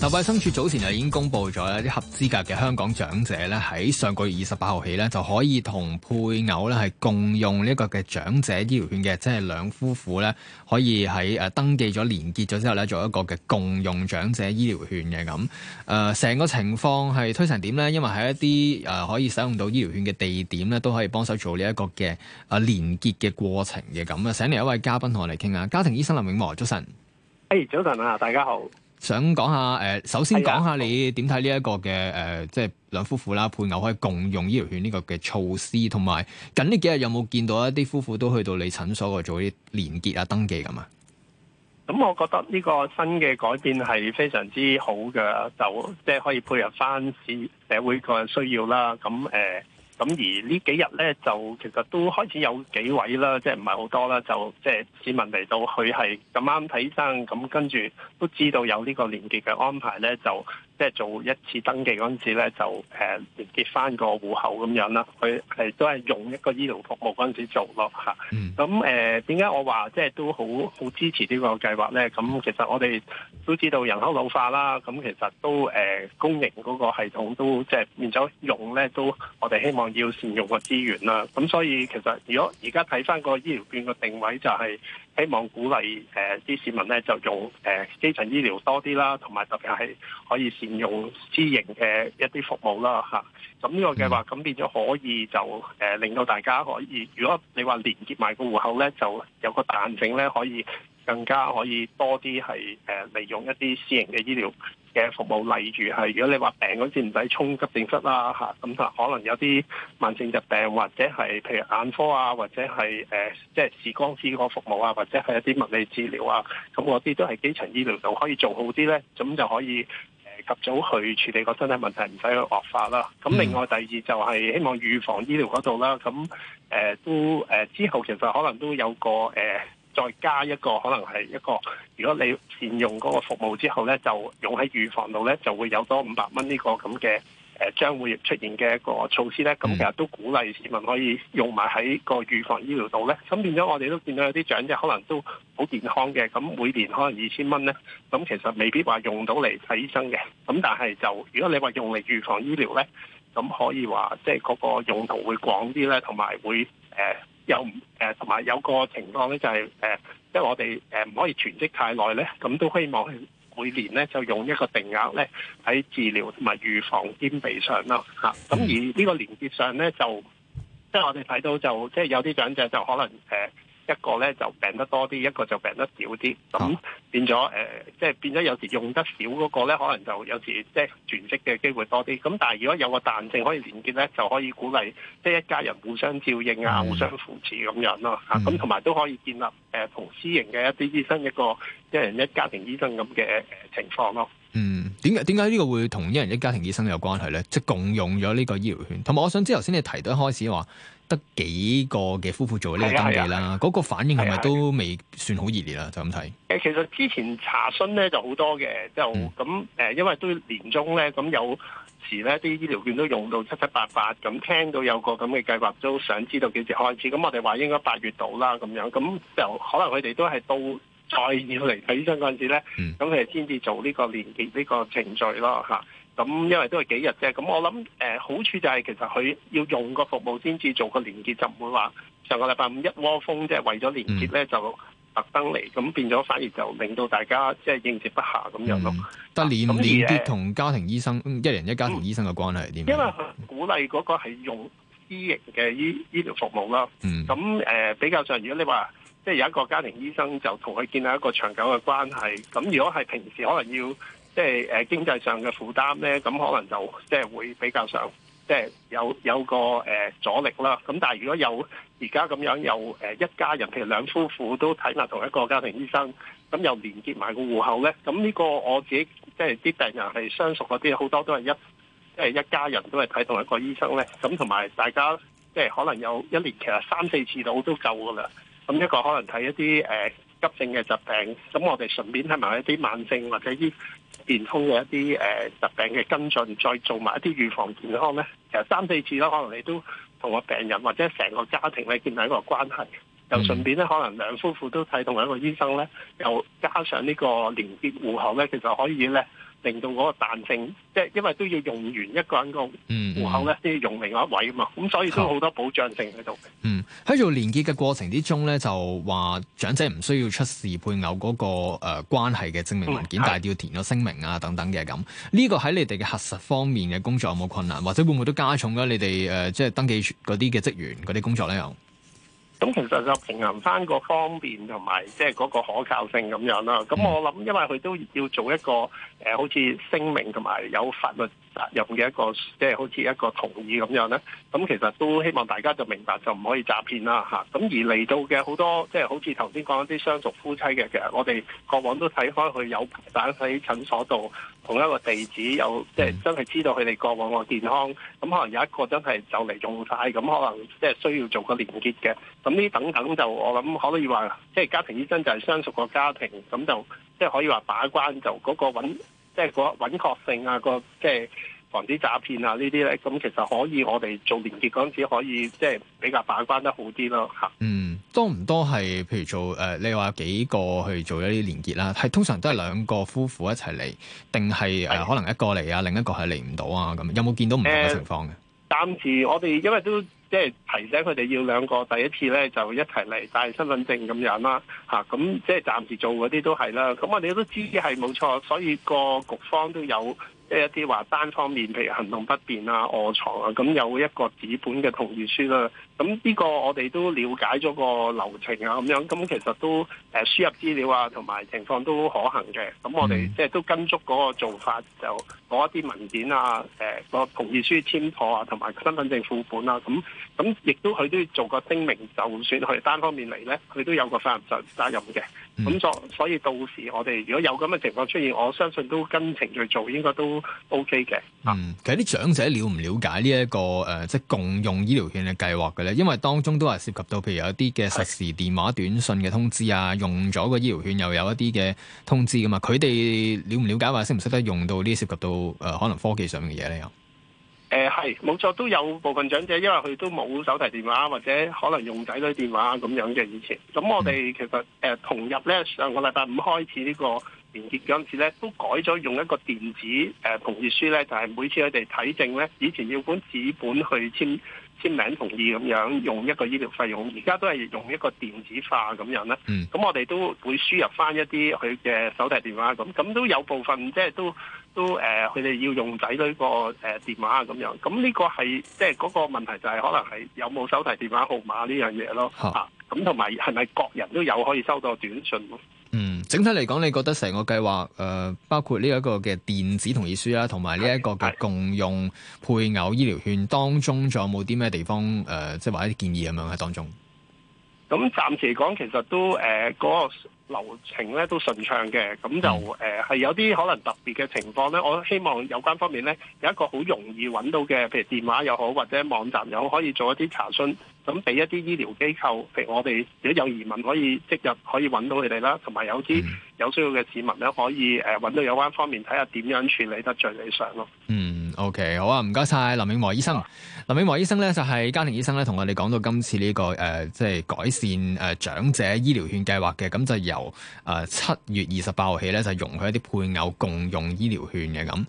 嗱，衛生署早前又已經公布咗一啲合資格嘅香港長者咧，喺上個月二十八號起咧，就可以同配偶咧係共用呢一個嘅長者醫療券嘅，即係兩夫婦咧可以喺誒、呃、登記咗、連結咗之後咧，做一個嘅共用長者醫療券嘅咁。誒、呃，成個情況係推成點咧？因為喺一啲誒、呃、可以使用到醫療券嘅地點咧，都可以幫手做呢一個嘅誒連結嘅過程嘅咁啊。請嚟一位嘉賓同我哋傾下，家庭醫生林永和，早晨。誒，hey, 早晨啊，大家好。想講下誒，首先講下你點睇呢一個嘅誒，即係的、呃就是、兩夫婦啦，配偶可以共用醫療券呢個嘅措施，同埋近呢幾日有冇見到一啲夫婦都去到你診所度做啲連結啊、登記咁啊？咁、嗯、我覺得呢個新嘅改變係非常之好嘅，就即係、就是、可以配合翻社社會個需要啦。咁誒。呃咁而呢幾日咧，就其實都開始有幾位啦，即係唔係好多啦，就即係市民嚟到，佢係咁啱睇醫生，咁跟住都知道有呢個連結嘅安排咧，就，即係做一次登記嗰陣時咧，就誒連結翻個戶口咁樣啦。佢係都係用一個醫療服務嗰陣時做咯嚇。咁誒點解我話即係都好好支持呢個計劃咧？咁其實我哋都知道人口老化啦。咁其實都誒、呃、公營嗰個系統都即係變咗用咧，都我哋希望要善用個資源啦。咁所以其實如果而家睇翻個醫療券個定位，就係希望鼓勵誒啲、呃、市民咧就用誒、呃、基層醫療多啲啦，同埋特別係可以用私營嘅一啲服務啦，嚇咁呢個計劃咁變咗可以就誒、呃、令到大家可以，如果你話連結埋個戶口咧，就有個彈性咧，可以更加可以多啲係誒利用一啲私營嘅醫療嘅服務，例如係如果你話病嗰陣時唔使衝急症室啦，嚇、啊、咁可能有啲慢性疾病或者係譬如眼科啊，或者係誒即係視光師嗰個服務啊，或者係一啲物理治療啊，咁嗰啲都係基層醫療就可以做好啲咧，咁就可以。及早去處理個身體問題，唔使去惡化啦。咁另外第二就係希望預防醫療嗰度啦。咁誒都誒之後其實可能都有個誒再加一個，可能係一個如果你善用嗰個服務之後咧，就用喺預防度咧，就會有多五百蚊呢個噉嘅。誒將會出現嘅一個措施咧，咁其實都鼓勵市民可以用埋喺個預防醫療度咧，咁變咗我哋都見到有啲長者可能都好健康嘅，咁每年可能二千蚊咧，咁其實未必話用到嚟睇醫生嘅，咁但係就如果你話用嚟預防醫療咧，咁可以話即係嗰個用途會廣啲咧，同埋會誒又誒同埋有、呃、有個情況咧，就係，就係誒，即係我哋誒唔可以存積太耐咧，咁都希望。每年咧就用一個定額咧喺治療同埋預防兼備上咯嚇，咁、啊、而呢個連結上咧就即係我哋睇到就即係有啲長者就可能誒。呃一個咧就病得多啲，一個就病得少啲，咁變咗誒、oh. 呃，即係變咗有時用得少嗰、那個咧，可能就有時即係全職嘅機會多啲。咁但係如果有個彈性可以連結咧，就可以鼓勵即係一家人互相照應啊，互、mm. 相扶持咁樣咯。嚇、mm. 啊，咁同埋都可以建立誒同、呃、私營嘅一啲醫生一個一人一家庭醫生咁嘅誒情況咯。嗯，點解點解呢個會同一人一家庭醫生有關係呢？即係共用咗呢個醫療券，同埋我想知頭先你提到一開始話得幾個嘅夫婦做呢個登記啦，嗰個反應係咪都未算好熱烈啊？就咁睇誒，其實之前查詢呢就好多嘅，就咁誒，嗯、因為都年中呢，咁有時呢啲醫療券都用到七七八八，咁聽到有個咁嘅計劃，都想知道幾時開始。咁我哋話應該八月到啦，咁樣咁就可能佢哋都係到，再要嚟睇醫生嗰陣時咧，咁佢先至做呢個連結呢個程序咯嚇。咁因為都係幾日啫。咁我諗誒、呃、好處就係其實佢要用個服務先至做個連結，就唔會話上個禮拜五一窩蜂即係為咗連結咧就特登嚟。咁變咗反而就令到大家即係應接不暇咁樣咯。得連連結同家庭醫生而、嗯、一人一家庭醫生嘅關係係點？因為佢鼓勵嗰個係用私營嘅醫醫療服務咯。咁誒比較上，如果你話。嗯即係有一個家庭醫生就同佢建立一個長久嘅關係。咁如果係平時可能要即係誒經濟上嘅負擔咧，咁可能就即係會比較上即係有有個誒、呃、阻力啦。咁但係如果有而家咁樣有誒一家人，譬如兩夫婦都睇埋同一個家庭醫生，咁又連結埋個戶口咧，咁呢個我自己即係啲病人係相熟嗰啲，好多都係一即係、就是、一家人都係睇同一個醫生咧。咁同埋大家即係可能有一年其實三四次到都夠㗎喇。咁一個可能睇一啲誒急性嘅疾病，咁我哋順便睇埋一啲慢性或者啲健康嘅一啲誒疾病嘅跟進，再做埋一啲預防健康咧，其實三四次啦，可能你都同個病人或者成個家庭咧建立一個關係。又順便咧，可能兩夫婦都睇同一個醫生咧，又加上呢個連結戶口咧，其實可以咧令到嗰個彈性，即係因為都要用完一個人個戶口咧，都要用另外一位啊嘛，咁所以都好多保障性喺度嘅。嗯，喺做連結嘅過程之中咧，就話長者唔需要出示配偶嗰、那個誒、呃、關係嘅證明文件，但係、嗯、要填咗聲明啊等等嘅咁。呢、這個喺你哋嘅核實方面嘅工作有冇困難，或者會唔會都加重咗你哋誒、呃、即係登記嗰啲嘅職員嗰啲工作咧又？咁其實就平衡翻個方便同埋即係嗰個可靠性咁樣啦。咁我諗因為佢都要做一個誒、呃，好似聲明同埋有法律責任嘅一個，即、就、係、是、好似一個同意咁樣咧。咁其實都希望大家就明白就唔可以詐騙啦嚇。咁、啊、而嚟到嘅、就是、好多即係好似頭先講啲相熟夫妻嘅，其實我哋過往都睇開佢有打喺診所度。同一個地址有，即係真係知道佢哋過往個健康，咁可能有一個真係就嚟用曬，咁可能即係需要做個連結嘅，咁呢等等就我諗可唔可以話，即係家庭醫生就係相熟個家庭，咁就即係可以話把關就嗰個穩，即係個準確性啊、個即係。防止詐騙啊！呢啲咧，咁其實可以我哋做連結嗰陣時，可以即係、就是、比較把關得好啲咯，嚇。嗯，多唔多係譬如做誒、呃，你話幾個去做一啲連結啦，係通常都係兩個夫婦一齊嚟，定係、呃、可能一個嚟啊，另一個係嚟唔到啊？咁有冇見到唔同嘅情況嘅、呃，暫時我哋因為都即係提醒佢哋要兩個，第一次咧就一齊嚟帶身份證咁樣啦，嚇、啊。咁、嗯、即係暫時做嗰啲都係啦。咁我哋都知係冇錯，所以個局方都有。即係一啲話單方面，譬如行動不便啊、臥床啊，咁有一個紙本嘅同意書啦。咁呢個我哋都了解咗個流程啊，咁樣，咁其實都誒、呃、輸入資料啊，同埋情況都可行嘅。咁我哋、嗯、即係都跟足嗰個做法，就攞一啲文件啊，誒、呃、那個同意書簽妥啊，同埋身份證副本啊，咁咁亦都佢都要做個聲明，就算佢單方面嚟咧，佢都有個法律責任嘅。咁所、嗯、所以到時我哋如果有咁嘅情況出現，我相信都跟程序做，應該都。O K 嘅，嗯，其實啲長者了唔了解呢，這、一個誒、呃，即係共用醫療券嘅計劃嘅咧？因為當中都係涉及到譬如有一啲嘅實時電話、短信嘅通知啊，用咗個醫療券又有一啲嘅通知噶嘛，佢哋了唔了解話識唔識得用到呢啲涉及到誒、呃、可能科技上面嘅嘢咧有？係，冇錯，都有部分長者因為佢都冇手提電話或者可能用仔女電話咁樣嘅以前。咁我哋其實誒、呃、同日咧，上個禮拜五開始個呢個連結嗰時咧，都改咗用一個電子誒、呃、同意書咧，就係、是、每次佢哋睇證咧，以前要本紙本去簽。簽名同意咁樣用一個醫療費用，而家都係用一個電子化咁樣啦。咁、嗯、我哋都會輸入返一啲佢嘅手提電話咁，咁都有部分即係都都誒，佢哋、呃、要用仔女個誒、呃、電話咁樣。咁呢個係即係嗰個問題就係可能係有冇手提電話號碼呢樣嘢咯。吓，咁同埋係咪各人都有可以收到短信？整體嚟講，你覺得成個計劃誒，包括呢一個嘅電子同意書啦，同埋呢一個嘅共用配偶醫療券當中，仲有冇啲咩地方誒、呃，即係話一啲建議咁樣喺當中？咁暫、嗯、時嚟講，其實都誒個。呃嗯流程咧都順暢嘅，咁就誒係、呃、有啲可能特別嘅情況咧，我希望有關方面咧有一個好容易揾到嘅，譬如電話又好或者網站又好，可以做一啲查詢，咁俾一啲醫療機構，譬如我哋如果有疑問可以即日可以揾到佢哋啦，同埋有啲有需要嘅市民咧可以誒呃、揾到有關方面睇下點樣處理得最理想咯。嗯。O.K. 好啊，唔該晒林永和醫生。林永和醫生咧就係家庭醫生咧，同我哋講到今次呢個誒，即係改善誒長者醫療券計劃嘅，咁就由誒七月二十八號起咧就容許一啲配偶共用醫療券嘅咁。